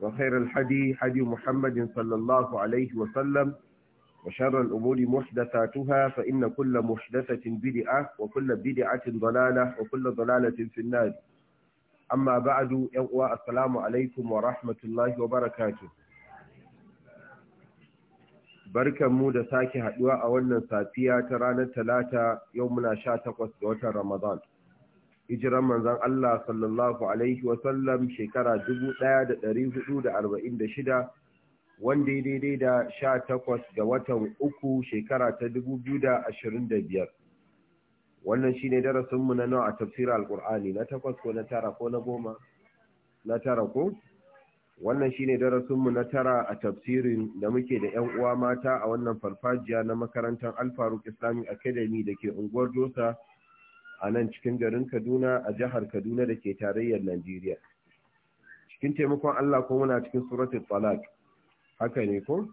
وخير الحدي حدي محمد صلى الله عليه وسلم وشر الأمور محدثاتها فإن كل محدثة بدعة وكل بدعة ضلالة وكل ضلالة في النار أما بعد يوء السلام عليكم ورحمة الله وبركاته barkan mu da sake haduwa a wannan safiya ta ranar talata yau muna 18 ga watan Ramadan hijiran manzan Allah sallallahu Alaihi wasallam shekara 1446 wanda ya daidai da 18 ga watan uku shekara ta 2025 wannan shi ne darasinmu na nawa a tafsirar alkur'ani na takwas ko na tara ko na goma na tara ko wannan shi ne darasinmu na tara a tafsirin da muke da 'yan uwa mata a wannan farfajiya na makarantar alfaruk islamic academy da ke unguwar dosa a nan cikin garin Kaduna a jihar Kaduna da ke tarayyar Najeriya. Cikin taimakon Allah ko muna cikin suratul Talaq. Haka ne ko?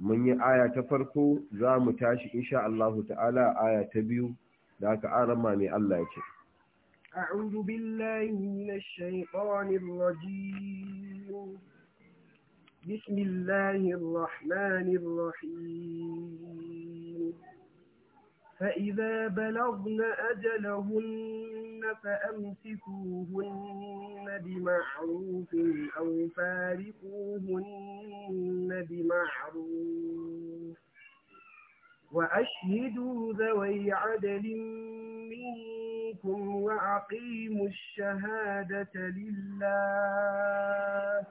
Mun yi aya ta farko za mu tashi insha Allah ta'ala aya ta biyu da aka arama mai Allah ya ce. أعوذ بالله من الشيطان الرجيم بسم الله الرحمن الرحيم فإذا بلغن أجلهن فأمسكوهن بمعروف أو فارقوهن بمعروف وأشهدوا ذوي عدل منكم وأقيموا الشهادة لله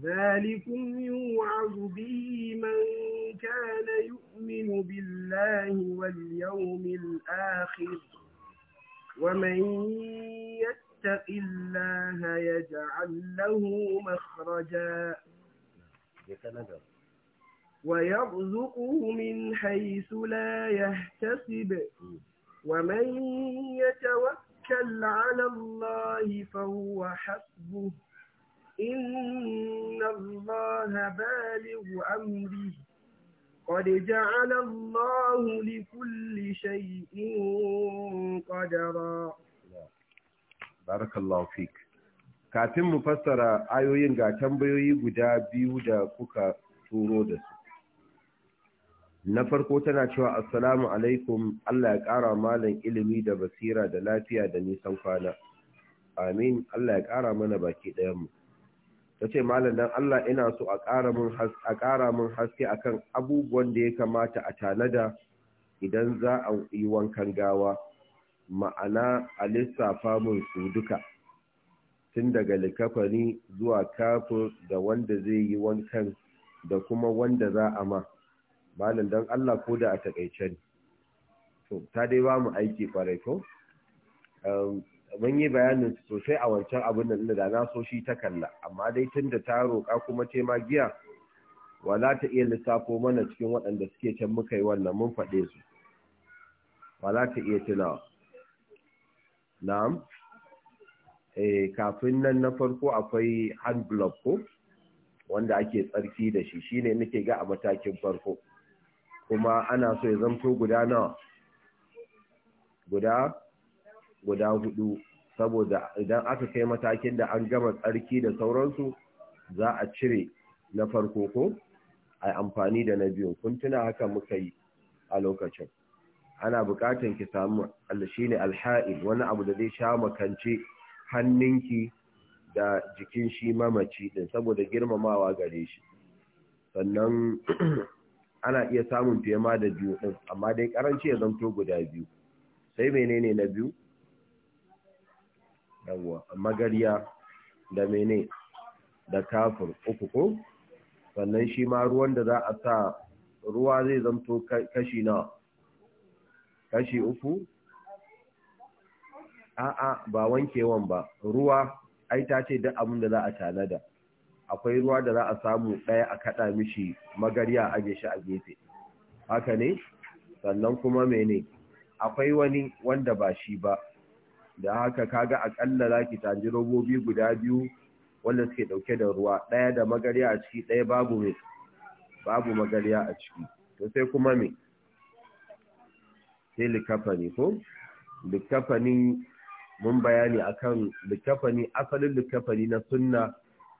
ذلكم يوعظ به من كان يؤمن بالله واليوم الآخر ومن يتق الله يجعل له مخرجا ويرزقه من حيث لا يحتسب ومن يتوكل على الله فهو حسبه إن الله بالغ أمره قد جعل الله لكل شيء قدرا بارك الله فيك kafin mu fassara ayoyin ga tambayoyi guda biyu da kuka turo da su na farko tana cewa assalamu alaikum Allah ya ƙara malam ilimi da basira da lafiya da nisan kwana amin Allah ya ƙara mana baki ɗayanmu ta ce malam Allah ina so a ƙara mun haske akan abubuwan da ya kamata a tanada idan za a yi wankan gawa ma'ana a lissafa mun su duka tun daga likafani zuwa kafin da wanda zai yi wankan da kuma wanda za a ma malam dan Allah ko da a takaice ne to ta dai ba mu aiki kwarai ko mun yi bayanin sosai a wancan abin nan da na so shi ta kalla amma dai tun da ta roƙa kuma ce ma giya wala ta iya lissafo mana cikin waɗanda suke can muka yi wannan mun faɗe su wala ta iya tunawa na'am eh kafin nan na farko akwai hand block ko wanda ake tsarki da shi shine nake ga a matakin farko kuma ana so ya zamto guda nawa guda guda hudu saboda idan aka kai matakin da an gama tsarki da sauransu za a cire na farko ko a amfani da na biyu kun tuna haka muka yi a lokacin ana bukatan ki samu ne alha'il wani abu da zai sha makance hannunki da jikin shi mamaci din saboda girmamawa gare shi sannan ana iya samun fiye da biyu din amma dai karanci ya zanto guda biyu sai menene na biyu yawwa magarya da mene da kafur uku ko sannan shi ma ruwan da za a sa ruwa zai zamto kashi na kashi uku a'a ba wankewan ba ruwa ai ta ce duk abin da za a tanada akwai ruwa da za a samu daya a kaɗa mishi magarya a shi a gefe haka ne sannan kuma mene akwai wani wanda ba shi ba da haka kaga akalla zaki tanji robobi guda biyu wanda suke dauke da ruwa daya da magarya a ciki daya babu me babu magarya a ciki to sai kuma me sai likafani ko likafani mun bayani akan likafani asalin likafani na sunna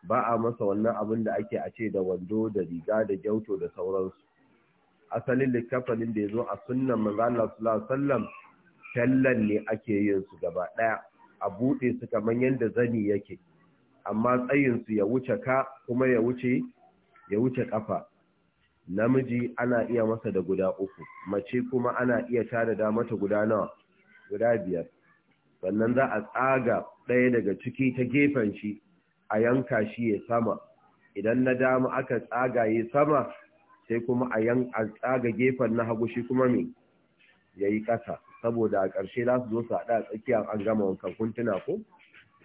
ba a masa wannan abin da ake a ce da wando da riga da gyauto da sauransu asalin likafanin da ya zo a sunnan manzo Allah sallallahu alaihi wasallam kyallan ne ake yin su gaba ɗaya a buɗe su kamar yadda zani yake amma tsayinsu ya wuce ka kuma ya wuce ya wuce ƙafa namiji ana iya masa da guda uku mace kuma ana iya tada mata guda nawa guda biyar sannan za a tsaga ɗaya daga ciki ta gefen shi a yanka shi ya sama idan na dama aka tsaga ya sama sai kuma a tsaga gefen na hagu shi kuma me yayi yi ƙasa saboda a ƙarshe za su zo su haɗa a tsakiya an gama wankan kuntuna ko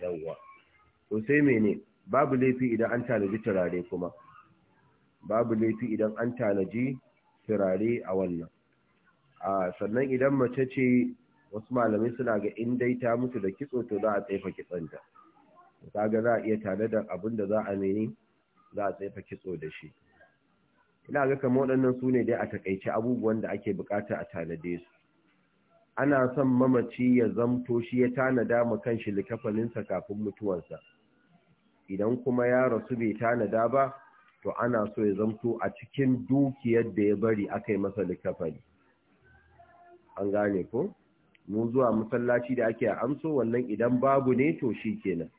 yawwa to sai mene babu laifi idan an tanaji turare kuma babu laifi idan an tanaji turare a wannan a sannan idan mace ce wasu malamai suna ga in dai ta mutu da kitso to za a tsaifa kitsonta kaga za a iya tare da abin da za a mene za a tsaifa kitso da shi ina ga kamar waɗannan su ne dai a takaice abubuwan da ake bukata a tanade su ana son mamaci ya zamto shi ya tanada ma kanshi likafaninsa kafin mutuwarsa idan kuma ya rasu bai tanada ba to ana so ya zamto a cikin dukiyar da ya bari aka yi masa likafani an gane ko mun zuwa masallaci da ake amso wannan idan babu ne to shi kenan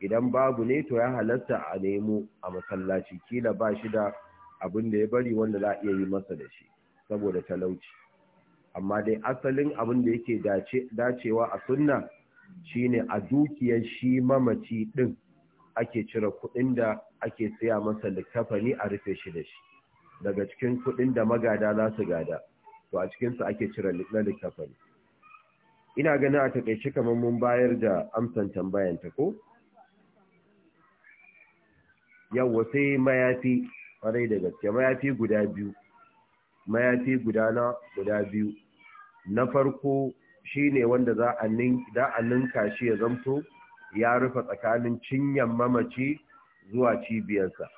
idan babu ne to ya halatta a nemo a masallaci kila ba shi da abin da ya bari wanda za a iya yi masa da shi saboda talauci amma dai asalin abin da yake dacewa a sunna shine a dukiyar shi mamaci din ake cire kuɗin da ake siya masa littafani a rufe shi da shi daga cikin kuɗin da magada za su gada to a cikinsu ake cire na littafani ina ganin a taƙaice kamar mun bayar da amsan tambayan ta ko Yau sai mayafi ƙwarai da gaske mayafi guda biyu mayafi na guda biyu na farko shi ne wanda za a ninka shi ya zamto ya rufe tsakanin cinyan mamaci zuwa cibiyarsa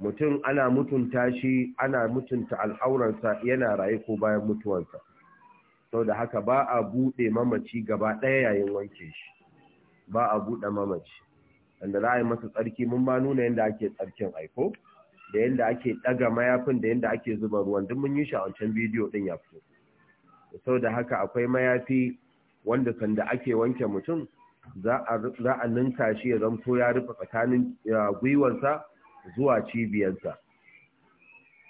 mutum ana mutunta shi ana mutunta al'auransa yana raye ko bayan mutuwarsa sau da haka ba a buɗe mamaci gaba ɗaya yayin wanke shi ba a buɗe mamaci wanda za a yi masa tsarki mun ba nuna yadda ake tsarkin aiko da yadda ake ɗaga mayafin da yadda ake zuba ruwan duk mun yi shi a wancan bidiyo ɗin ya fito da haka akwai mayafi wanda sanda ake wanke mutum za a ninka shi ya zamto ya rufe tsakanin gwiwansa zuwa cibiyarsa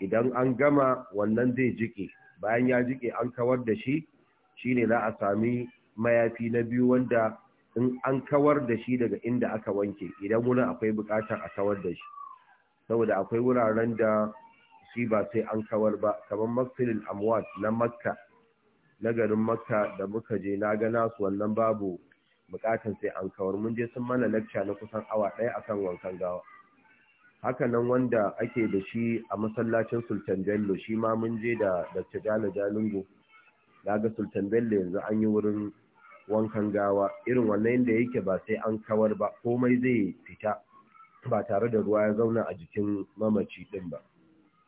idan an gama wannan zai jike bayan ya jike an kawar da shi shine za a sami mayafi na biyu wanda in an kawar da shi daga inda aka wanke idan wurin akwai bukatar a kawar da shi saboda akwai wuraren da shi ba sai an kawar ba kamar maksilin amwat na makka na garin makka da muka je na ga nasu wannan babu bukatan sai an kawar mun je sun mana lakca na kusan awa ɗaya akan wankan gawa haka nan wanda ake da shi a masallacin sultan bello shi ma mun je da dr jalo jalingo na ga sultan bello yanzu an yi wurin wankan gawa irin wannan yadda yake ba sai an kawar ba komai zai fita ba tare da ruwa ya zauna a jikin mamaci din ba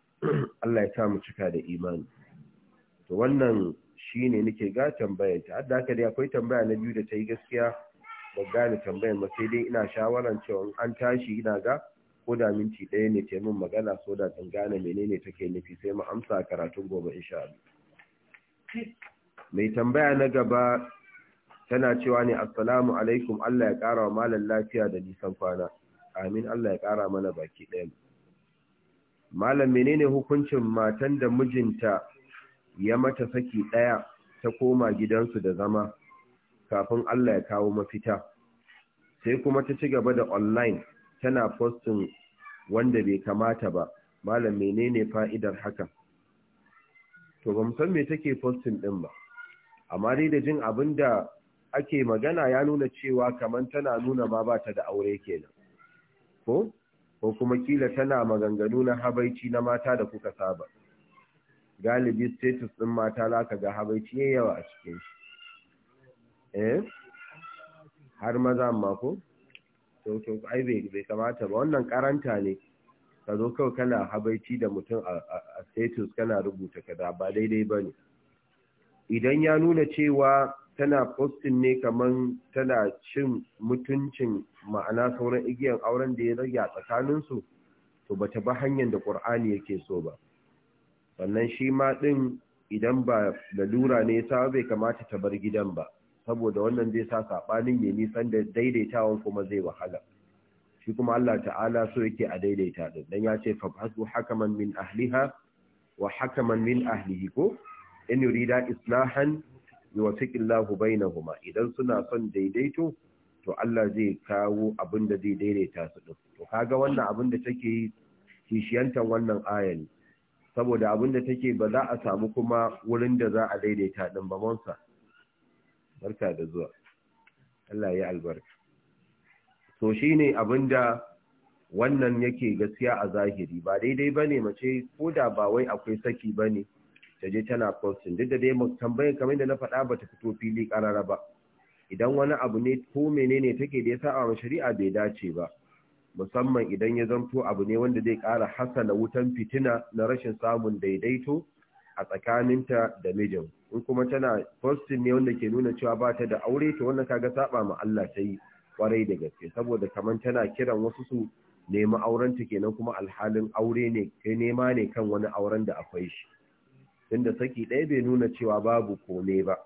Allah ya sa mu cika da imani to wannan Shi ne nake ga tambayar ta hadda haka dai akwai tambaya na biyu da ta yi gaskiya ba gane tambayar ba sai dai ina shawaran cewa an tashi ina ga ko da minti ɗaya ne ta min magana so da in gane menene take nufi sai mu amsa karatun gobe insha mai tambaya na gaba tana cewa ne assalamu alaikum Allah ya ƙara wa malam lafiya da nisan kwana amin Allah ya ƙara mana baki ɗaya malam menene hukuncin matan da mijinta ya mata saki ɗaya ta koma gidansu da zama kafin Allah ya kawo mafita sai kuma ta ci gaba da online tana postin wanda bai kamata ba malam menene fa'idar haka to ba san me take postin din ba amma dai da jin abin da ake magana ya nuna cewa kamar tana nuna ma ba ta da aure kenan ko ko kuma kila tana maganganu na habaici na mata da kuka saba galibi status ɗin mata za ka ga habaici ya yawa a cikin shi eh har maza amma to to ai bai kamata ba wannan karanta ne ka zo kawai kana habaici da mutum a status kana rubuta kaza ba daidai ba ne idan ya nuna cewa tana postin ne kaman tana cin mutuncin ma'ana sauran igiyan auren da ya rage a tsakaninsu to bata ba hanyar da ƙur'ani yake so ba sannan shi ma ɗin idan ba lalura ne ta bai kamata ta bar gidan ba saboda wannan zai sa saɓanin ya nisan da daidaitawan kuma zai wahala shi kuma Allah ta'ala so yake a daidaita din dan ya ce fabhasu hakaman min ahliha wa hakaman min ahlihi ko in yurida islahan yuwaffiqillahu bainahuma idan suna son daidaito to Allah zai kawo abin da zai daidaita su din to kaga wannan abin da take kishiyantan wannan ayan saboda abin da take ba za a samu kuma wurin da za a daidaita ɗin ba monsa barka da zuwa Allah ya albarka to shine abin da wannan yake gaskiya a zahiri ba daidai ba ne mace ko da ba wai akwai saki ba ne. ta je tana posting duk da dai mu tambayin kamar da na faɗa ba ta fito fili karara ba idan wani abu ne ko menene take da ya sa a shari'a bai dace ba musamman idan ya zanto abu ne wanda zai ƙara hasala wutan fitina na rashin samun daidaito a tsakaninta da mijin in kuma tana postin ne wanda ke nuna cewa ba ta da aure to wannan kaga saba ma Allah ta yi kwarai da gaske saboda kaman tana kiran wasu su nemi auren ta kenan kuma alhalin aure ne kai nema ne kan wani auren da akwai shi tunda saki ɗaya bai nuna cewa babu kome ba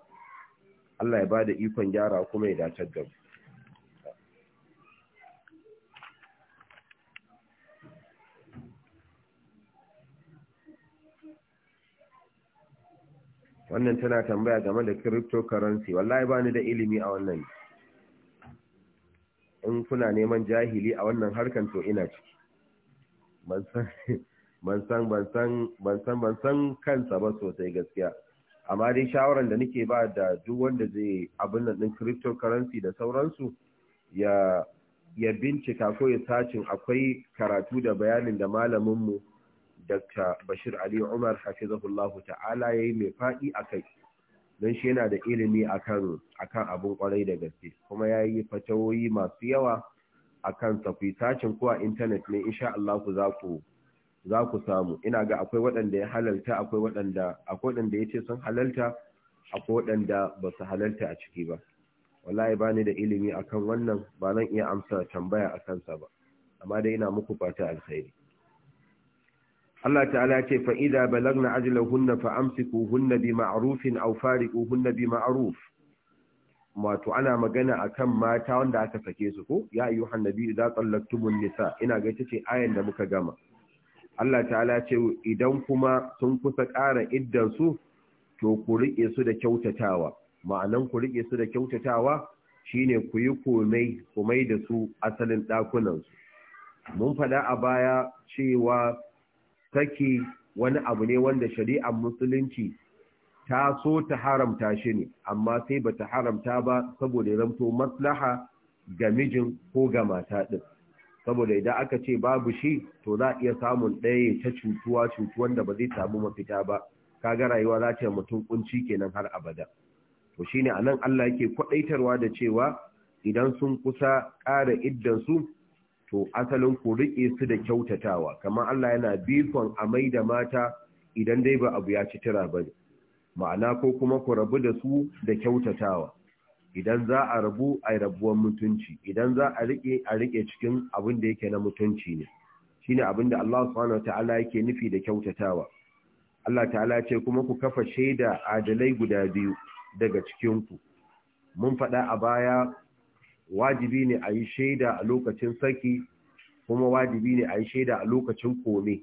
Allah ya bada ikon gyara kuma ya dace da mu wannan tana tambaya game da cryptocurrency wallahi ba ni da ilimi a wannan in kuna neman jahili a wannan harkan to ina ciki ban san ban san kansa ba sosai gaskiya amma dai shawaran da nake ba da duk wanda zai abin nan din cryptocurrency da sauransu ya ya bincika ko ya sacin akwai karatu da bayanin da malaminmu mu Dr. Bashir Ali Umar hafizahullahu ta'ala yayi mai faɗi a kai. don shi yana da ilimi akan akan abun kwarai da gaske kuma yayi fatawoyi masu yawa akan sa ku sacin ko a internet ne insha Allah ku za ku samu ina ga akwai waɗanda ya halalta akwai waɗanda akwai waɗanda yace sun halalta akwai waɗanda ba su halalta a ciki ba wallahi ba ni da ilimi akan wannan ba zan iya amsa tambaya a kansa ba amma dai ina muku fata alkhairi Allah ta'ala ya ce fa idza balagna ajalahunna fa hunna bi ma'rufin aw hunna bi ma'ruf wato ana magana a kan mata wanda aka sake su ko ya ayyuhan nabi idza tallaqtumun nisa ina ga ce ayan da muka gama Allah ta'ala ce idan kuma sun kusa ƙara iddan su to ku rike su da kyautatawa ma'anan ku rike su da kyautatawa shine ku yi komai komai da su asalin ɗakunansu. mun faɗa a baya cewa saki wani abu ne wanda shari'ar musulunci ta so ta haramta shi ne amma sai ba ta haramta ba saboda zamto maslaha ga mijin ko ga mata ɗin saboda idan aka ce babu shi to za a iya samun ɗaya ta cutuwa cutuwan da ba zai samu mafita ba kaga rayuwa za ta mutum kunci kenan har abada to shine anan Allah yake kwadaitarwa da cewa idan sun kusa ƙara iddan su to asalin ku riƙe su da kyautatawa kamar Allah yana bifon amai da mata idan dai ba abu ya ci tira ba ne ma'ana ko kuma ku rabu da su da kyautatawa idan za a rabu a rabuwar mutunci idan za a riƙe a riƙe cikin abin da yake na mutunci ne shine abin da Allah subhanahu wataala yake nufi da kyautatawa Allah ta'ala ya ce kuma ku kafa shaida adalai guda biyu daga cikin ku mun faɗa a baya wajibi ne a yi shaida a lokacin saki kuma wajibi ne a yi shaida a lokacin kome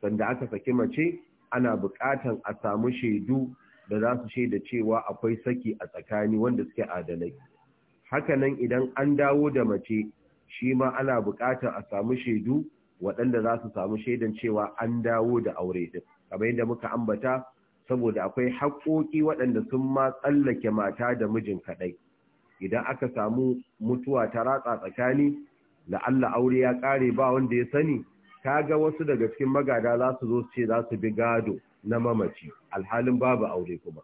sanda aka saki mace ana buƙatan a samu shaidu da za su shaida cewa akwai saki a tsakani wanda suke adalai hakanan idan an dawo da mace shi ma ana buƙatar a samu shaidu waɗanda za su samu shaidan cewa an dawo da aure din kamar yadda muka ambata saboda akwai haƙoƙi waɗanda sun ma tsallake mata da mijin kaɗai idan aka samu mutuwa ta ratsa tsakani la'alla aure ya kare ba wanda ya sani kaga wasu daga cikin magada za su zo ce za su bi gado na mamaci alhalin babu aure kuma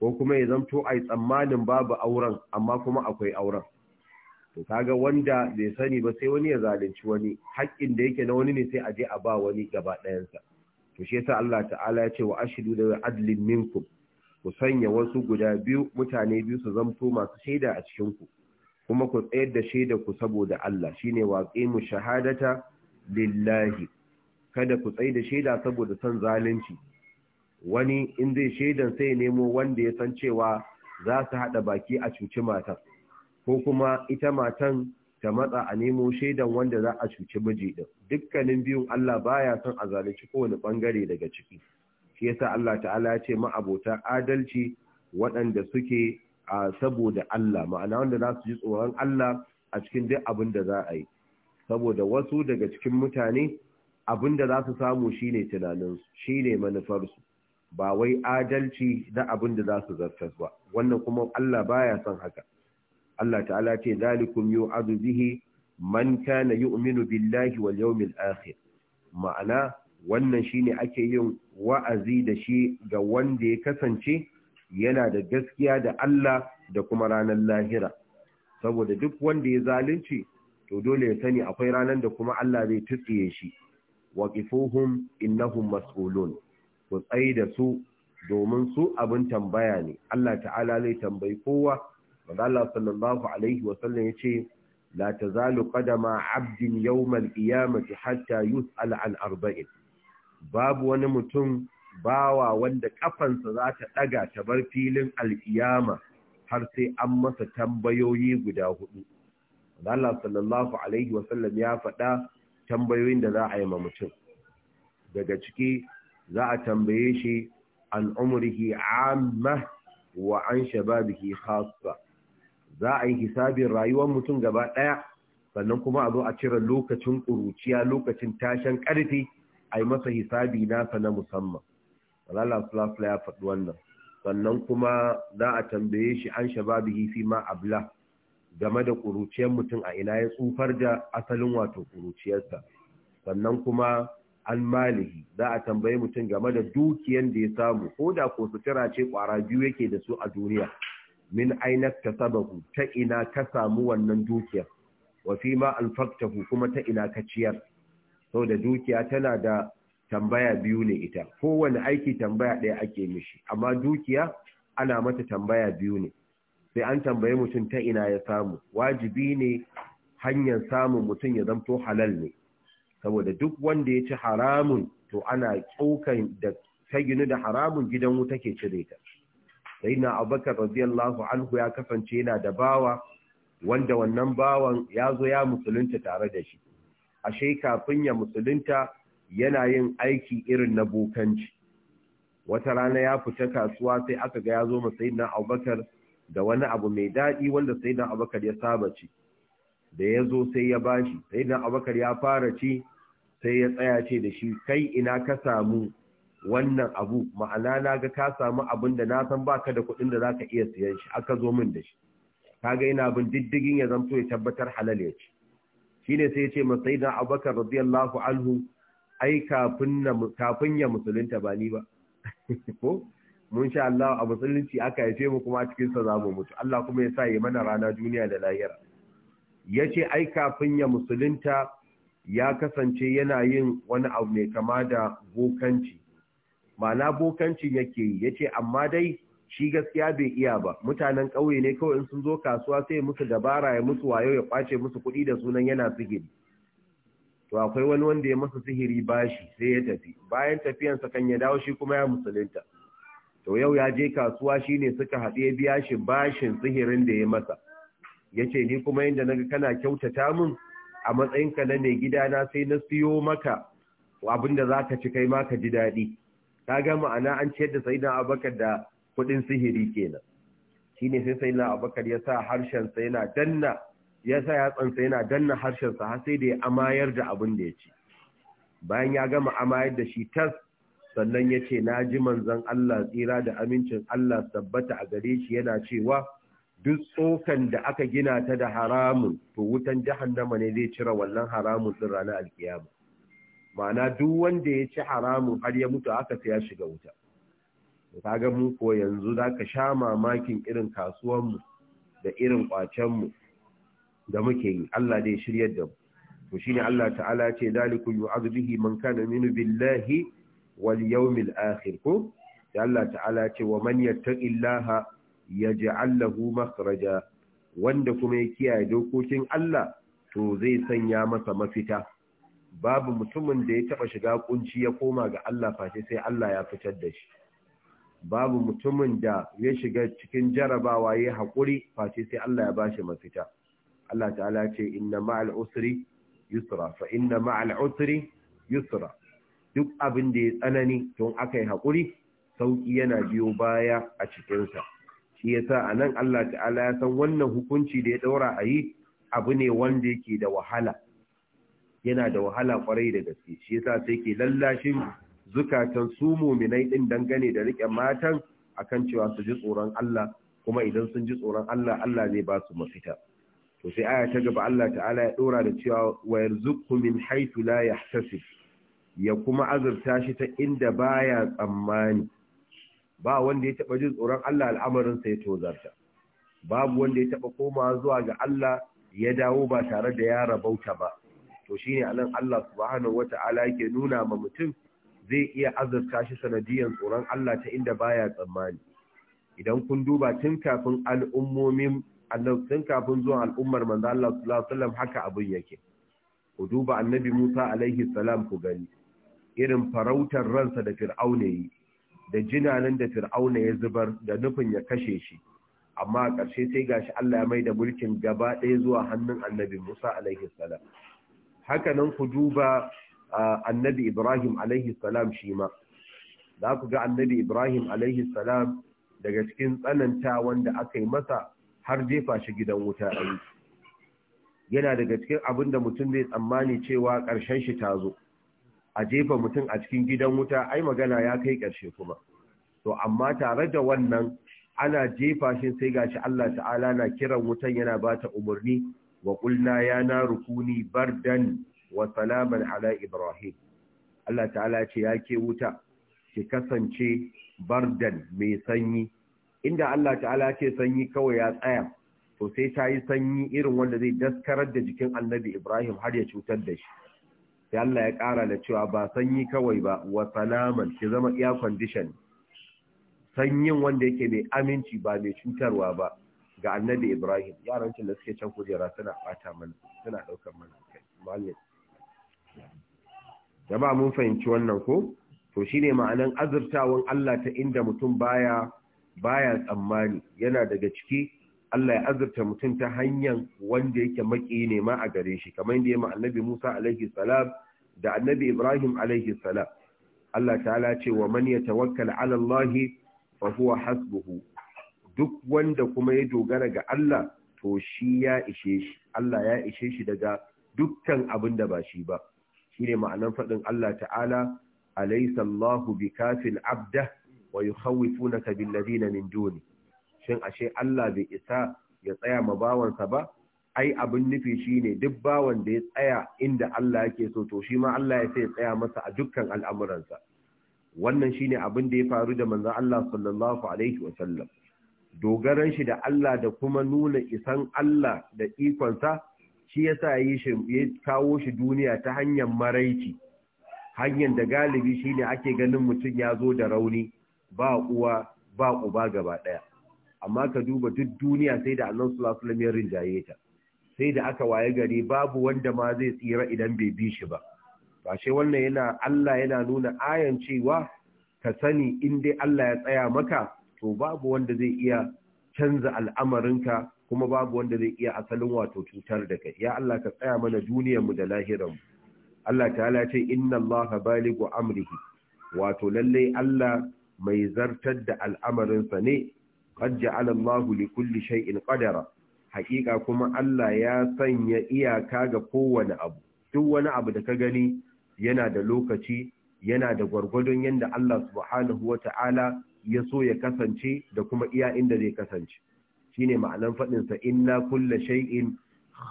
ko kuma ya zamto ai tsammanin babu auren amma kuma akwai auren to kaga wanda bai sani ba sai wani ya zalunci wani haƙƙin da yake na wani ne sai a je a ba wani gaba ɗayansa to shi yasa Allah ta'ala ya ce wa ashidu da adlin minkum ku sanya wasu guda biyu mutane biyu su zamto masu shaida a cikin ku kuma ku tsayar da shaida ku saboda Allah shine mu shahadata lillahi kada ku tsaye da shaida saboda son zalunci wani in zai shaidan sai nemo wanda ya san cewa za su haɗa baki a cuci mata ko kuma ita matan ta matsa a nemo shaidan wanda za a cuci miji din dukkanin biyun Allah baya son a zalunci kowane bangare daga ciki shi yasa Allah ta'ala ya ce ma'abota adalci waɗanda suke a saboda Allah ma'ana wanda za su ji tsoron Allah a cikin duk abin da za a yi saboda wasu daga cikin mutane abin da za su samu shine tunaninsu shine manufarsu ba wai adalci da abin da za su zartar ba wannan kuma Allah baya son haka Allah ta'ala ce zalikum yu'adhu bihi man kana yu'minu billahi wal yawmil akhir ma'ana wannan shine ake yin wa'azi da shi ga wanda ya kasance yana da gaskiya da Allah da kuma ranar lahira saboda duk wanda ya zalunci to dole ya sani akwai ranar da kuma Allah zai tutsiye shi waqifuhum innahun mas'ulun ku tsaye da su domin su abin tambaya ne Allah ta'ala zai tambayi kowa wanda Allah sallallahu alaihi wasallam ya ce, la tazalu qadama 'abdin yau al hatta yus al'an arba'in babu wani mutum bawa wanda kafansa za ta ɗaga ta bar filin alkiyama har sai an masa tambayoyi guda hudu. Allah sallallahu Alaihi wasallam ya faɗa tambayoyin da za a yi ma mutum. Daga ciki za a tambaye shi an umrihi amma wa an shababihi khassa. Za a yi hisabin rayuwar mutum gaba ɗaya, sannan kuma a zo a cire lokacin ƙuruciya lokacin tashen ƙarfi ai masa hisabi nasa na musamman Allah sallallahu ya faɗi wannan sannan kuma za a tambaye shi an shababihi fi ma abla game da ƙuruciyar mutum a ina ya tsufar da asalin wato ƙuruciyarsa sannan kuma an malihi za a tambaye mutum game da dukiyan da ya samu ko da ko sutura ce kwara biyu yake da su a duniya min ainak ta sababu ta ina ka samu wannan dukiyar wa fi ma alfaktahu kuma ta ina ka ciyar da dukiya tana da tambaya biyu ne ita kowane aiki tambaya ɗaya ake mishi amma dukiya ana mata tambaya biyu ne sai an tambaye mutum ta ina ya samu wajibi ne hanyar samun mutum ya zamto halal ne saboda duk wanda ya ci haramun to ana tsokan da ta ginu da haramun gidan wuta ke cire ta sai na abubakar radiyallahu anhu ya kasance yana da bawa wanda wannan bawan ya zo ya musulunta tare da shi ashe kafin ya musulunta yana yin aiki irin na bokanci wata rana ya fita kasuwa sai aka ga ya zo ma sayyidina Abubakar da wani abu mai daɗi wanda sayyidina Abubakar ya saba ci da ya zo sai ya bashi sayyidina Abubakar ya fara ci sai ya tsaya ce da shi kai ina ka samu wannan abu ma'ana na ga ka samu abin da na san baka da kuɗin da zaka iya siyan shi aka zo min da shi kaga ina bin diddigin ya zanto ya tabbatar halal ya ci Shi ne sai ya ce ma da Abubakar radiyallahu alhu ai kafin ya musulunta ba ni ba ko mun sha Allah a musulunci aka haife mu kuma a cikin sa zamu mutu Allah kuma ya sa yi mana rana duniya da lahira yace ai kafin ya musulunta ya kasance yana yin wani abu mai kama da bokanci ma'ana bokancin yake yi yace amma dai shi gaskiya bai iya ba mutanen ƙauye ne kawai in sun zo kasuwa sai musu dabara ya musu wayo ya kwace musu kuɗi da sunan yana sihiri to akwai wani wanda ya masa sihiri bashi sai ya tafi bayan tafiyansa kan ya dawo shi kuma ya musulunta to yau ya je kasuwa shi ne suka haɗe ya biya shi bashin sihirin da ya masa Ya ce ni kuma yanda naga kana kyautata min a matsayinka na mai gidana sai na siyo maka abinda ka ci kai ma ka ji daɗi Ka ga ma'ana an ciyar da sai abubakar da kudin sihiri kenan Shi ne sai sai na abakar ya sa harshen sa yana danna ya sa yatsansa yana danna harshen sa har sai da ya amayar da abin da ya ci bayan ya gama amayar da shi tas sannan ya ce na ji manzon Allah tsira da amincin Allah tabbata a gare shi yana cewa duk tsokan da aka gina ta da haramun to wutan jahannama ne zai cire wannan haramun din ranar alkiyama ma'ana duk wanda ya ci haramun har ya mutu aka sai ya shiga wuta kaga mu ko yanzu za ka sha mamakin irin kasuwanmu da irin kwacen da muke yi Allah dai shiryar da mu to shine Allah ta'ala ce daliku yu'adhu bihi man kana minu billahi wal yawmil akhir ko da Allah ta'ala ce wa man yattaqillaha yaj'al lahu makhraja wanda kuma ya kiyaye dokokin Allah to zai sanya masa mafita babu mutumin da ya taɓa shiga kunci ya koma ga Allah face sai Allah ya fitar da shi babu mutumin da ya shiga cikin jarabawa ya haƙuri face sai Allah ya bashi mafita Allah ta'ala ce inna ma'al usri yusra fa inna ma'al usri yusra duk abin da ya tsanani tun aka yi haƙuri sauƙi yana biyo baya a cikinsa shi yasa a nan Allah ta'ala ya san wannan hukunci da ya ɗaura a yi abu ne wanda yake da wahala yana da wahala kwarai da gaske shi yasa sai ke lallashin zukatan su muminai din dangane da rike matan akan cewa su ji tsoron Allah kuma idan sun ji tsoron Allah Allah zai ba su mafita to sai aya ta gaba Allah ta'ala ya dora da cewa wa yarzuqu min haythu la yahtasib ya kuma azurta shi ta inda baya tsammani ba wanda ya taba jin tsoron Allah al'amarin sa ya tozarta babu wanda ya taba komawa zuwa ga Allah ya dawo ba tare da ya rabauta ba to shine anan Allah subhanahu wata'ala yake nuna ma mutum zai iya azurta shi sanadiyan tsoron Allah ta inda baya tsammani idan kun duba tun kafin al'ummomin tun kafin zuwan al'ummar manzo Allah sallallahu alaihi wasallam haka abin yake ku duba annabi Musa alaihi salam ku gani irin farautar ransa da fir'auna yi da jinanan da fir'auna ya zubar da nufin ya kashe shi amma a ƙarshe sai gashi Allah ya mai da mulkin gaba ɗaya zuwa hannun annabi Musa alaihi salam haka nan ku duba annabi Ibrahim alaihi salam shi ma za ku ga annabi Ibrahim alaihi salam daga cikin tsananta wanda aka yi masa har jefa shi gidan wuta yi. yana daga cikin abin da mutum zai tsammani cewa ƙarshen shi ta zo a jefa mutum a cikin gidan wuta ai magana ya kai ƙarshe kuma to amma tare da wannan ana jefa shi sai gashi Allah ta'ala na kiran wutan yana bata umarni wa qulna ya rukuni bardan wa salaman ala Ibrahim. Allah ta'ala ce ya ke wuta, ki kasance bardan mai sanyi, inda Allah ta'ala ce sanyi kawai ya tsaya, to sai ta yi sanyi irin wanda zai daskarar da jikin annabi Ibrahim har ya cutar da shi. Sai Allah ya kara da cewa ba sanyi kawai ba, wa ki zama iya kwandishan. Sanyin wanda yake mai aminci ba mai cutarwa ba ga annabi Ibrahim, yarancin da suke can kujera suna ɓata mana, suna ɗaukar mana. mallaka Da ba mun fahimci wannan ko to shine ma'anan azurtawan Allah ta inda mutum baya baya tsammani yana daga ciki Allah ya azurta mutum ta hanyar wanda yake maki ne ma a gare shi kamar yadda ya annabi Musa alaihi salam da annabi Ibrahim alaihi salam Allah ta'ala ce wa man yatawakkal ala Allah fa huwa hasbuhu duk wanda kuma ya dogara ga Allah to shi ya ishe shi Allah ya ishe shi daga dukkan abin da ba shi ba shine ma'anar faɗin Allah ta'ala alaysa Allahu bikafin abda wa yukhawifunaka billadhina min duni shin ashe Allah bai isa ya tsaya ma bawansa ba ai abin nufi shine duk bawan da ya tsaya inda Allah yake so to shi ma Allah ya sai ya tsaya masa a dukkan al'amuransa wannan shine abin da ya faru da manzon Allah sallallahu alaihi wa sallam dogaran shi da Allah da kuma nuna isan Allah da ikonsa shi yasa yi shi ya kawo shi duniya ta hanyar maraici hanyar da galibi shine ake ganin mutum ya zo da rauni ba uwa ba uba gaba daya amma ka duba duk duniya sai da annabi sallallahu alaihi wasallam ya rinjaye ta sai da aka waye gari babu wanda ma zai tsira idan bai bi shi ba ba shi wannan yana Allah yana nuna ayan cewa ka sani in dai Allah ya tsaya maka to babu wanda zai iya canza al'amarinka kuma babu wanda zai iya asalin wato cutar da kai ya Allah ka tsaya mana duniyar mu da lahiran mu Allah ta'ala ce inna Allah baligu amrihi wato lalle Allah mai zartar da al'amarin sa ne qad ja'ala Allah li kulli shay'in qadara haƙiƙa kuma Allah ya sanya iyaka ga kowane abu duk wani abu da ka gani yana da lokaci yana da gwargwadon yanda Allah subhanahu wata'ala ya so ya kasance da kuma iya inda zai kasance shine ma'anan faɗin sa inna kulla shay'in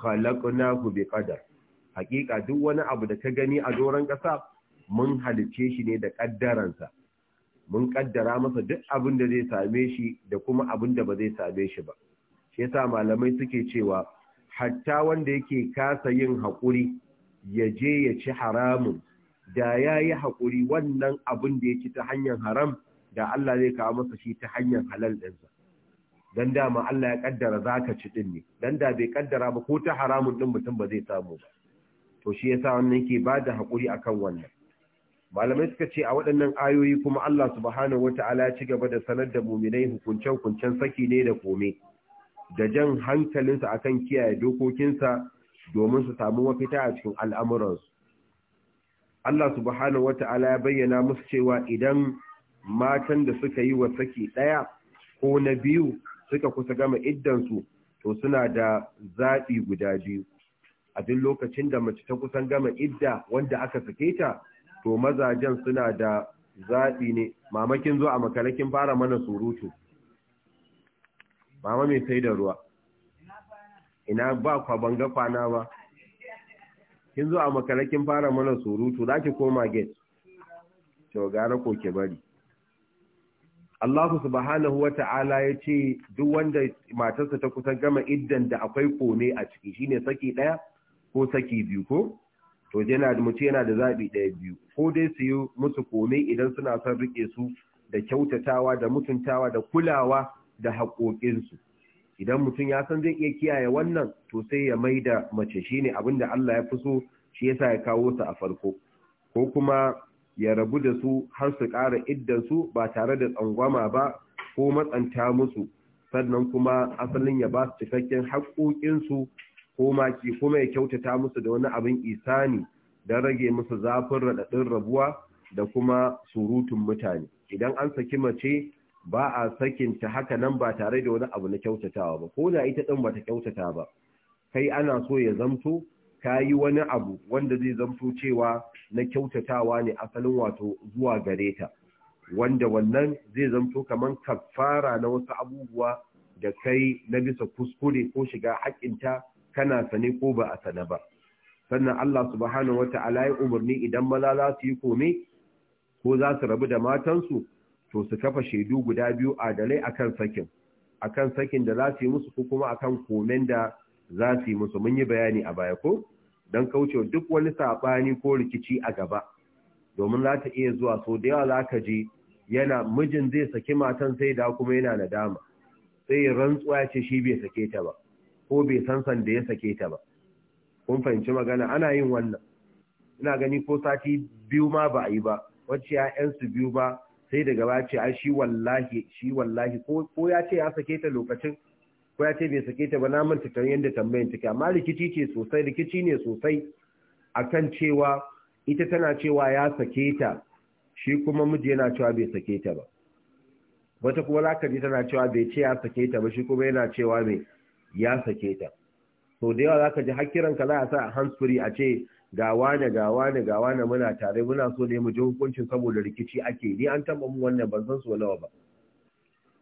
khalaqnahu biqadar haƙiƙa duk wani abu da ka gani a doron ƙasa mun halicce shi ne da sa mun ƙaddara masa duk abin da zai same shi da kuma abin da ba zai same shi ba shi yasa malamai suke cewa hatta wanda yake kasa yin haƙuri ya je ya ci haramun da ya yi haƙuri wannan abin da ya ci ta hanyar haram da Allah zai kawo masa shi ta hanyar halal ɗinsa dan dama Allah ya kaddara zaka ci din ne dan da bai kaddara ba ko ta haramun ɗin mutum ba zai samu ba to shi yasa wannan yake bada hakuri akan wannan malamai suka ce a waɗannan ayoyi kuma Allah subhanahu wata'ala ya ci gaba da sanar da muminai hukunce hukuncen saki ne da kome da jan hankalinsa akan kiyaye dokokinsa domin su samu mafita a cikin al'amuransu Allah subhanahu wata'ala ya bayyana musu cewa idan matan da suka yi wa saki ɗaya ko na biyu suka kusa gama iddansu to suna da zaɓi guda biyu a duk lokacin da mace ta kusan gama idda wanda aka sake ta to mazajen suna da zaɓi ne mamakin zo a makalakin fara mana surutu mama mai sai da ruwa ina ba kwa banga kwana ba kin zo a makalakin fara mana surutu za ki koma gate to gara ko ki bari Allah subhanahu wa ta'ala ya ce duk wanda matarsa ta kusan gama iddan da akwai kone a ciki shine saki ɗaya ko saki biyu ko to yana da mace yana da zaɓi ɗaya biyu ko dai su yi musu kone idan suna son rike su da kyautatawa da mutuntawa da kulawa da haƙoƙinsu idan mutum ya san zai iya kiyaye wannan to sai ya mai da mace shine abin da Allah ya fi so shi yasa ya kawo su a farko ko kuma ya rabu da su har su ƙara iddansu ba tare da tsangwama ba ko matsanta musu sannan kuma asalin ya ba su cikakken haƙoƙinsu ko maki kuma ya kyautata musu da wani abin isani don rage musu zafin raɗaɗin rabuwa da kuma surutun mutane idan an saki mace ba a sakinta haka nan ba tare da wani abu na kyautatawa ba ko da ita ɗin ba ta kyautata ba kai ana so ya zamto ka yi wani abu wanda zai zamto cewa na kyautatawa ne asalin wato zuwa gare ta wanda wannan zai zamto kamar kafara na wasu abubuwa da kai na bisa kuskure ko shiga hakinta kana sane ko ba a sane ba sannan Allah subhanahu wata'ala ya umarni idan maza za su yi kome ko za su rabu da matansu to su kafa shaidu guda biyu adalai akan sakin akan sakin da za su yi musu ko kuma akan komen da za su yi musu mun yi bayani a baya ko don kaucewa duk wani saɓani ko rikici a gaba domin za ta iya zuwa so da yawa za ka je yana mijin zai saki matan sai da kuma yana nadama sai ya rantsuwa ya ce shi bai sake ta ba ko bai san san da ya sake ta ba kun fahimci magana ana yin wannan ina gani ko sati biyu ma ba a yi ba wacce ya ya'yansu biyu ba sai daga ba ce ai shi wallahi shi wallahi ko ya ce ya sake ta lokacin ko ya ce bai sake ta ba na manta ta yadda tambayin take amma rikici ce sosai rikici ne sosai akan cewa ita tana cewa ya sake ta shi kuma miji yana cewa bai sake ta ba wata kuma zaka ji tana cewa bai ce ya sake ta ba shi kuma yana cewa mai ya sake ta so da yawa zaka ji har kiran ka za a sa a hands free a ce ga wane ga ga muna tare muna so ne mu ji hukuncin saboda rikici ake ni an taba mu wannan ban san so nawa ba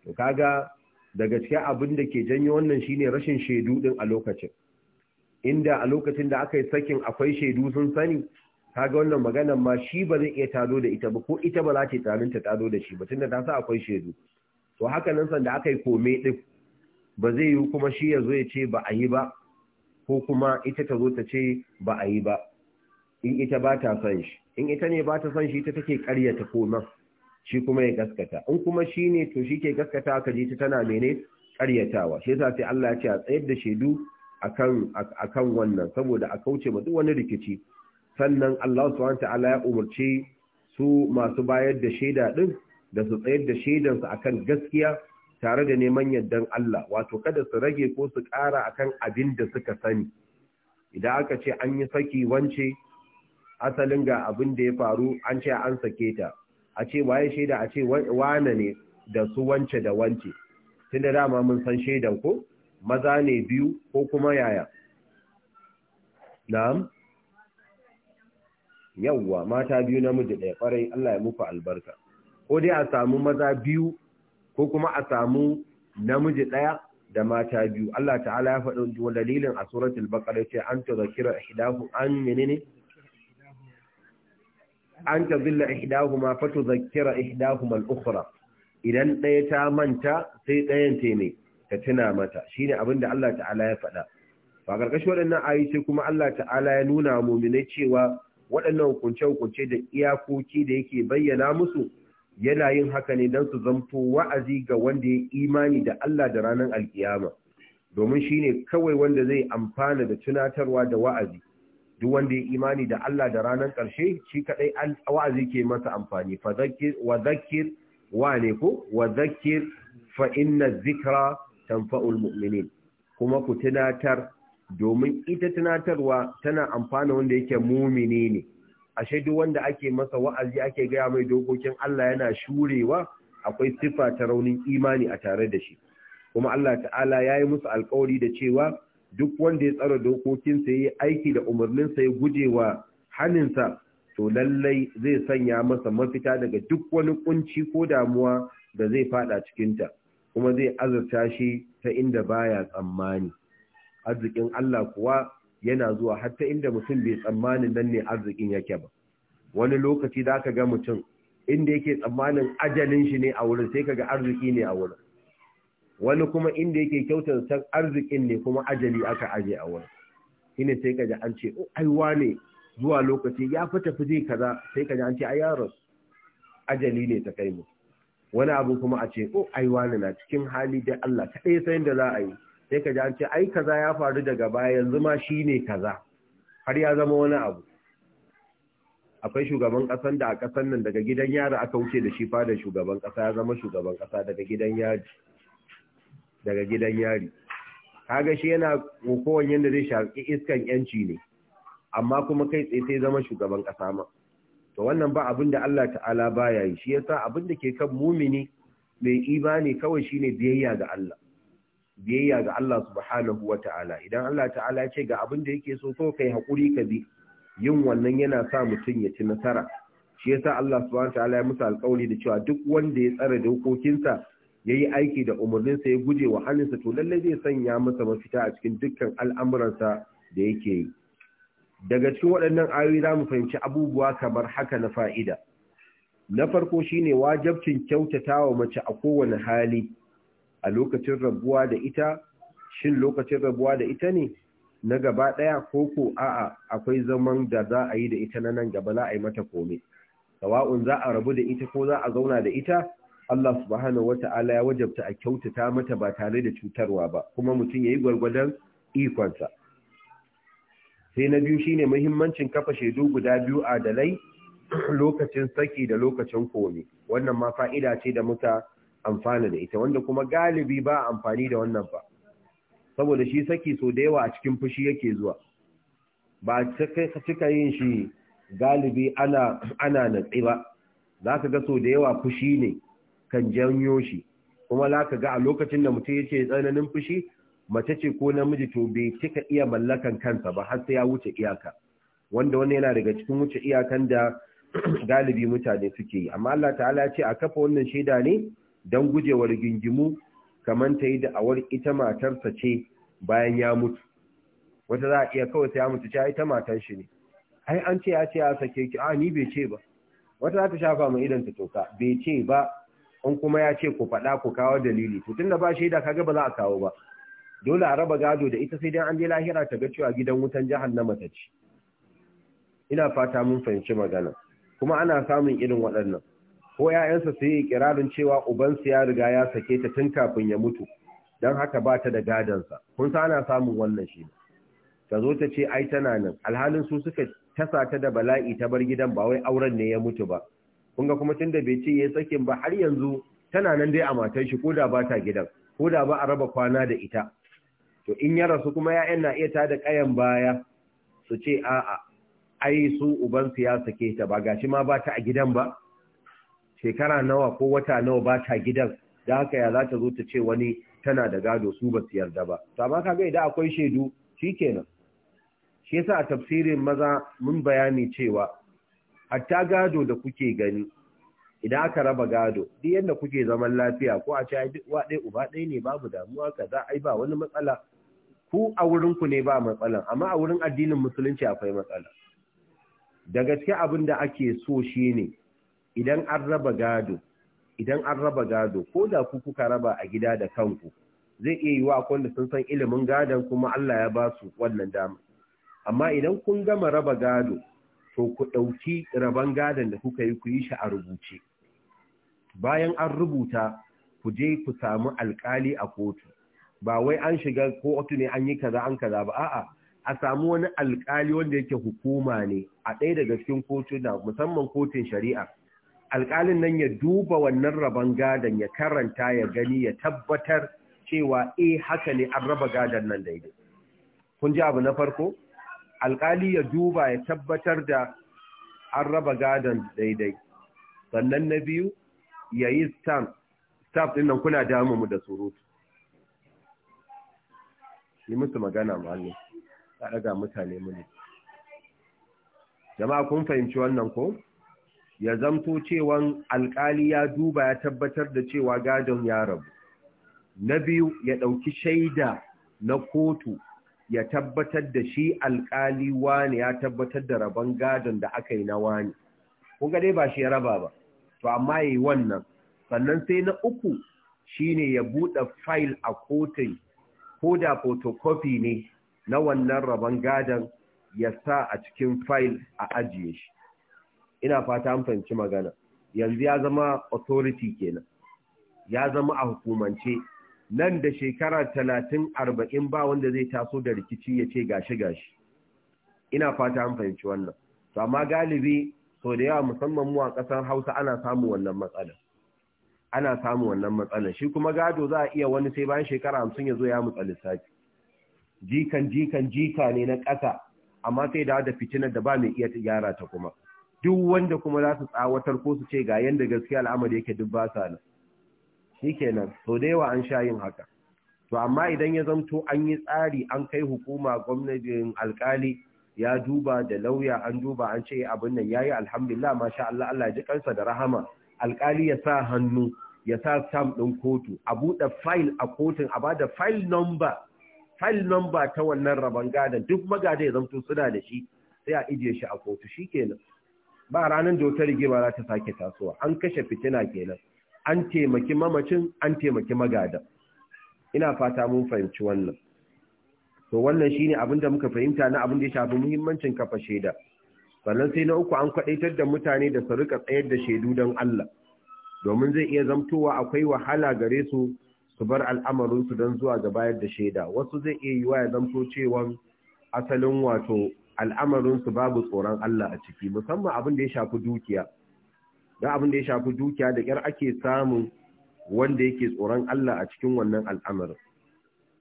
to kaga daga cikin abin da ke janyo wannan shine rashin shaidu din a lokacin inda a lokacin da aka yi sakin akwai shaidu sun sani kaga wannan maganar ma shi ba zai iya tado da ita ba ko ita ba za ta tsarin ta tado da shi ba tunda ta sa akwai shaidu to haka nan sanda aka yi kome din ba zai yi kuma shi ya zo ya ce ba a yi ba ko kuma ita ta zo ta ce ba a yi ba in ita ba ta son shi in ita ne ba ta son shi ita take karyata koman shi kuma ya gaskata in kuma shi ne to shi ke gaskata aka ji ta tana mene karyatawa shi yasa sai Allah ya ce a tsayar da shaidu akan akan wannan saboda a kauce mu duk wani rikici sannan Allah subhanahu ta'ala ya umarci su masu bayar da shaida din da su tsayar da shaidan su akan gaskiya tare da neman yardan Allah wato kada su rage ko su ƙara akan abin da suka sani idan aka ce an yi saki wance asalin ga abin da ya faru an ce an sake ta a ce waye shaida a ce wane ne da su wance da wance tun da dama mun san shaidan ko maza ne biyu ko kuma yaya na'am yawwa mata biyu namiji ɗaya ƙwarai Allah ya muku albarka ko dai a samu maza biyu ko kuma a samu namiji ɗaya da mata biyu Allah ta'ala ya faɗi dalilin a suratul baqara ce an tazakira ihdahu an menene an ta zilla ihdahuma fa tuzakkira ihdahuma al-ukhra idan ɗaya ta manta sai ɗayan ta ne ta tuna mata shine abin da Allah ta'ala ya faɗa ba karkashin waɗannan ayi sai kuma Allah ta'ala ya nuna mu'minai cewa waɗannan hukunce hukunce da iyakoki da yake bayyana musu yana yin haka ne don su zamto wa'azi ga wanda ya imani da Allah da ranar alkiyama domin shine kawai wanda zai amfana da tunatarwa da wa'azi duk wanda ya imani da Allah da ranar ƙarshe shi kadai wa'azi ke masa amfani fa zakir wa zakir wa ne ko wa zakir fa inna zikra mu'minin kuma ku tunatar domin ita tunatarwa tana amfana wanda yake mumini ne ashe duk wanda ake masa wa'azi ake gaya mai dokokin Allah yana shurewa akwai sifa ta raunin imani a tare da shi kuma Allah ta'ala ya yi musu alƙawari da cewa duk wanda ya tsara dokokinsa ya yi aiki da sa ya guje wa haninsa to lallai zai sanya masa mafita daga duk wani kunci ko damuwa da zai fada ta kuma zai azurta shi ta inda baya tsammani arzikin Allah kuwa yana zuwa har ta inda mutum bai tsammani nan ne arzikin yake ba wani lokaci za ka ga mutum inda yake tsammanin ajalin shi ne a wurin sai ka ga arziki ne a wurin wani kuma inda yake kyautar san arzikin ne kuma ajali aka aje a wani. shine sai kaji an ce oh, aiwa ne. zuwa lokaci ya fi tafi zai kaza sai kaji an ce ai yaron ajali ne ta kai mu wani abu kuma a ce ko oh, aiwa ne na cikin hali da Allah kaɗai sai da za a yi sai kaji an ce ai kaza ya faru daga baya yanzu ma shine kaza har ya zama wani abu akwai shugaban kasan da a kasan nan daga gidan yari aka wuce da shi fadar shugaban ƙasa ya zama shugaban kasa daga gidan yaji daga gidan yari kaga shi yana kokowan yadda zai shaƙi iskan yanci ne amma kuma kai tsaye sai zama shugaban ƙasa ma to wannan ba abin da Allah ta'ala baya yi shi yasa abin da ke kan mumini mai ne kawai shine biyayya ga Allah biyayya ga Allah subhanahu wa ta'ala idan Allah ta'ala ya ce ga abin da yake so so kai hakuri ka bi yin wannan yana sa mutum ya ci nasara shi yasa Allah subhanahu wa ta'ala ya musu alƙawari da cewa duk wanda ya tsare dokokinsa yayi aiki da umarninsa ya guje wa hannunsa to lallai zai sanya masa mafita a cikin dukkan al'amuransa da yake yi daga cikin waɗannan ayoyi za mu fahimci abubuwa kamar haka na fa'ida na farko shi ne wajabcin wa mace a kowane hali a lokacin rabuwa da ita shin lokacin rabuwa da ita ne na gaba ɗaya koko. a'a akwai zaman da za a yi da ita na nan gaba za a yi mata kome sawa'un za a rabu da ita ko za a zauna da ita Allah subhanahu wata'ala ya wajabta a kyautata mata ba tare da cutarwa ba kuma mutum ya yi gwargwadon ikonsa sai na biyu shine muhimmancin kafa shaidu guda biyu a dalai lokacin saki da lokacin komi wannan ma fa'ida ce da muka amfana da ita wanda kuma galibi ba amfani da wannan ba saboda shi saki so da yawa a cikin fushi yake zuwa ba cika yin shi galibi ana natsi ba za ka ga so da yawa fushi ne kan janyo shi kuma za ka ga a lokacin da mutum ce tsananin fushi mace ce ko namiji to bai cika iya mallakan kansa ba har sai ya wuce iyaka wanda wani yana daga cikin wuce iyakan da galibi mutane suke yi amma Allah ta'ala ya ce a kafa wannan shaida ne don gujewar gingimu kamar ta yi awar ita matarsa ce bayan ya mutu wata za a iya kawai sai ya mutu ce ita matar shi ne ai an ce ya ce ya sake ki a ni bai ce ba wata za ta shafa mai idan ta toka bai ce ba in kuma ya ce ku faɗa ku kawo dalili to tunda ba shaida kaga ba za a kawo ba dole a raba gado da ita sai dai an je lahira ta ga cewa gidan wutan jahannama ta ci ina fata mun fahimci magana kuma ana samun irin waɗannan ko ƴaƴansa su yi ikirarin cewa ubansu ya riga ya sake ta tun kafin ya mutu don haka ba ta da gadon kun sa ana samun wannan shi ta zo ta ce ai tana nan alhalin su suka tasa ta da bala'i ta bar gidan ba wai auren ne ya mutu ba kun ga kuma tun da bai ce ya sakin ba har yanzu tana nan dai a matar shi koda ba ta gidan ko da ba a raba kwana da ita to in ya rasu kuma ya'yan na iya tada kayan baya su ce a'a ai su uban su ya sake ta ba gashi ma ba ta a gidan ba shekara nawa ko wata nawa ba ta gidan da haka ya za ta zo ta ce wani tana da gado su ba su yarda ba to amma kaga idan akwai shaidu shikenan shi yasa a tafsirin maza mun bayani cewa hatta gado da kuke gani idan aka raba gado duk yadda kuke zaman lafiya ko a ce duk wa ɗaya uba ɗaya ne babu damuwa kaza ai ba wani matsala ku a wurin ku ne ba matsala amma a wurin addinin musulunci akwai matsala da gaske abin da ake so shine idan an raba gado idan an raba gado ko da ku kuka raba a gida da kanku zai iya yiwa akwai wanda sun san ilimin gadon kuma Allah ya ba su wannan dama amma idan kun gama raba gado to ku ɗauki rabon gadon da kuka yi ku yi shi a rubuce bayan an rubuta ku je ku samu alkali a kotu ba wai an shiga kotu ne an yi kaza an kaza ba a'a a samu wani alkali wanda yake hukuma ne a ɗaya daga cikin na musamman kotun shari'a alkalin nan ya duba wannan rabon gadon ya karanta ya gani ya tabbatar cewa eh haka ne an raba gadon nan daidai kun ji abu na farko alƙali ya duba ya tabbatar da an raba gadon daidai sannan na biyu ya yi stamp ɗin nan kuna damu mu da surutu yi musu magana ma'allu ta ɗaga mutane ne. jama'a kun fahimci wannan ko ya zamto cewan alƙali ya duba ya tabbatar da cewa gadon ya rabu na biyu ya ɗauki shaida na kotu ya tabbatar da shi alƙali wani ya tabbatar da rabon gadon da aka yi na wani kun ga dai ba shi ya raba ba to amma ya yi wannan sannan sai na uku shine ya buɗe fayil a kotun ko da photocopy ne na wannan rabon gadon ya sa a cikin fayil a ajiye shi ina fata an fahimci magana yanzu ya zama authority kenan ya zama a hukumance nan da shekara talatin arba'in ba wanda zai taso da rikici ya ce gashi gashi ina fata an fahimci wannan to amma galibi sau da yawa musamman mu a ƙasar hausa ana samun wannan matsalar ana samun wannan matsalar shi kuma gado za a iya wani sai bayan shekara hamsin ya zo ya mutsa lissafi jikan jikan jika ne na ƙasa amma sai da da fitinar da ba mai iya gyara ta kuma duk wanda kuma za su tsawatar ko su ce ga yanda gaskiya al'amari yake duk ba sa nan shikenan to da yawa an sha yin haka to amma idan ya zamto an yi tsari an kai hukuma gwamnatin alkali ya duba da lauya an duba an ce abin nan yayi alhamdulillah masha Allah Allah ya ji kansa da rahama alkali ya sa hannu ya sa stamp din kotu a buɗe file a kotun a bada file number file number ta wannan rabon gadan duk magada ya zamto suna da shi sai a ije shi a kotu shikenan ba ranar da wata rigima za ta sake tasowa an kashe fitina kenan an taimaki mamacin an taimaki magada ina fata mun fahimci wannan to wannan shine abin da muka fahimta na abin da ya shafi muhimmancin kafa shaida sannan sai na uku an kwadaitar da mutane da su rika tsayar da shaidu don Allah domin zai iya zamtowa akwai wahala gare su su bar al'amarin su don zuwa ga bayar da shaida wasu zai iya yiwa ya zamto cewa asalin wato al'amarin su babu tsoron Allah a ciki musamman abin da ya shafi dukiya don abin da ya shafi dukiya da kyar ake samun wanda yake tsoron Allah a cikin wannan al'amarin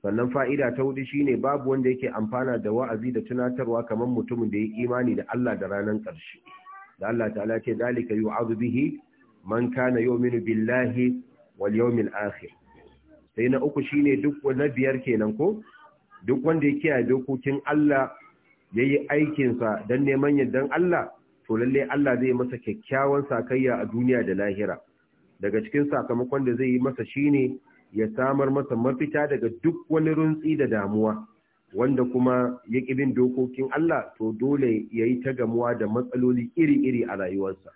sannan fa'ida ta hudu shine babu wanda yake amfana da wa'azi da tunatarwa kamar mutumin da ya imani da Allah da ranar ƙarshe da Allah ta'ala ce dalika yu'adhu bihi man kana yu'minu billahi wal yawmil akhir sai na uku shine duk na biyar kenan ko duk wanda ya kiyaye dokokin Allah yayi aikin sa dan neman yardan Allah to lalle Allah zai masa kyakkyawan sakayya a duniya da lahira daga cikin sakamakon da zai yi masa shine ya samar masa mafita daga duk wani runtsi da damuwa wanda kuma ya bin dokokin Allah to dole ya yi ta gamuwa da matsaloli iri-iri a rayuwarsa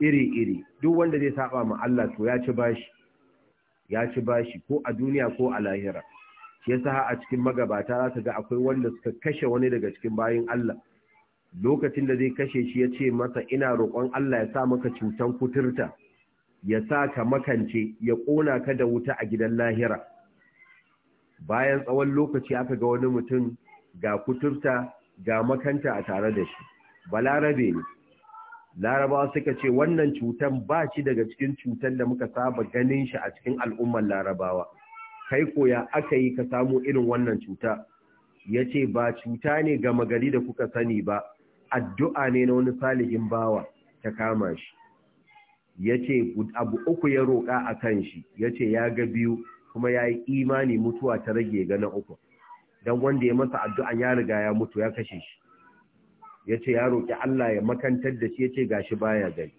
iri-iri duk wanda zai saba ma Allah to ya ci bashi ya ci bashi ko a duniya ko a lahira shi yasa a cikin magabata za ta ga akwai wanda suka kashe wani daga cikin bayin Allah lokacin da zai kashe shi ya ce masa ina roƙon Allah ya sa maka cutan kuturta ya sa ka makance ya ƙona ka da wuta a gidan lahira bayan tsawon lokaci aka ga wani mutum ga kuturta ga makanta a tare da shi balarabe ne larabawa suka ce wannan cutan ba shi daga cikin cutan da muka saba ganin shi a cikin al'ummar larabawa kai koya aka yi ka samu irin wannan cuta ya ce ba cuta ne gama gari da kuka sani ba addu'a ne na wani salihin bawa ta kama shi Ya ce abu uku ya roƙa a kan shi ya ce ya ga biyu kuma ya yi imani mutuwa ta rage ga uku don wanda ya masa addu'an ya riga ya mutu ya kashe shi Ya ce ya roƙi Allah ya makantar da shi ya ce ga shi baya gani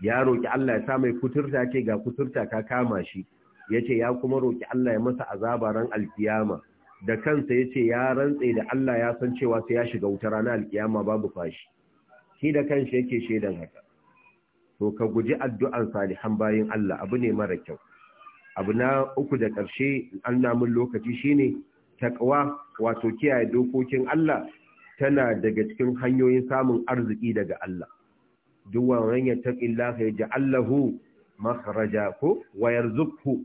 ya roƙi Allah ya sa mai kuturta ce ga kuturta ka kama shi ya ce ya kuma roƙi Allah ya masa azabaran alfiyama. da kansa ya ce ya rantse da Allah ya san cewa sai ya shiga wuta rana alkiyama babu fashi shi da kanshi yake shaidan haka to ka guji addu'an salihan bayin Allah abu ne mara kyau abu na uku da ƙarshe an namun lokaci shine taqwa wato kiyaye dokokin Allah tana daga cikin hanyoyin samun arziki daga Allah duk wannan ya ya Allahu makhraja ko wa yarzuqhu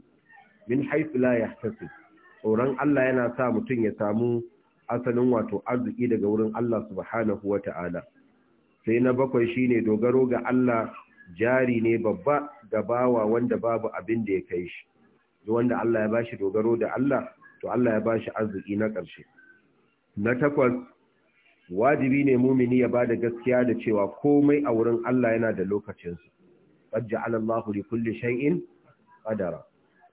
min haythu la yahtasib tsoron Allah yana sa mutum ya samu asalin wato arziki daga wurin Allah subhanahu wa ta'ala. Sai na bakwai shi ne dogaro ga Allah jari ne babba da bawa wanda babu abin da ya kai shi. Wanda Allah ya bashi dogaro da Allah, to Allah ya bashi arziki na ƙarshe. Na takwas, wajibi ne mumini ya ba da gaskiya da cewa komai a wurin Allah yana da lokacinsa. Qad ja'ala Allahu li kulli shay'in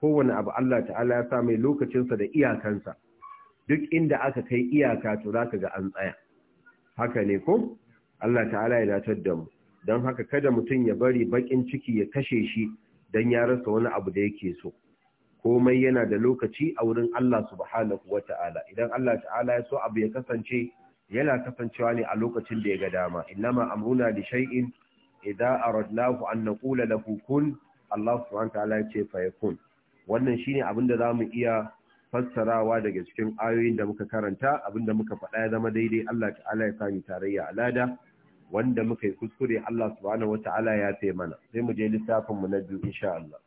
kowane abu Allah ta'ala ya sa mai lokacinsa da iyakansa duk inda aka kai iyaka to za ka ga an tsaya haka ne ko Allah ta'ala ya datar da mu don haka kada mutum ya bari bakin ciki ya kashe shi don ya rasa wani abu da yake so komai yana da lokaci a wurin Allah subhanahu wa ta'ala idan Allah ta'ala ya so abu ya kasance yana kasancewa ne a lokacin da ya ga dama innama amruna li shay'in idza aradnahu an naqula lahu kun Allah subhanahu wa ta'ala ya ce fa yakun wannan shine abin da za mu iya fassarawa daga cikin ayoyin da muka karanta abin da muka faɗa ya zama daidai Allah ta'ala ya sami tarayya alada wanda muka yi kuskure Allah subhanahu wata'ala ya taimana mana sai mu je littafin mu na biyu insha Allah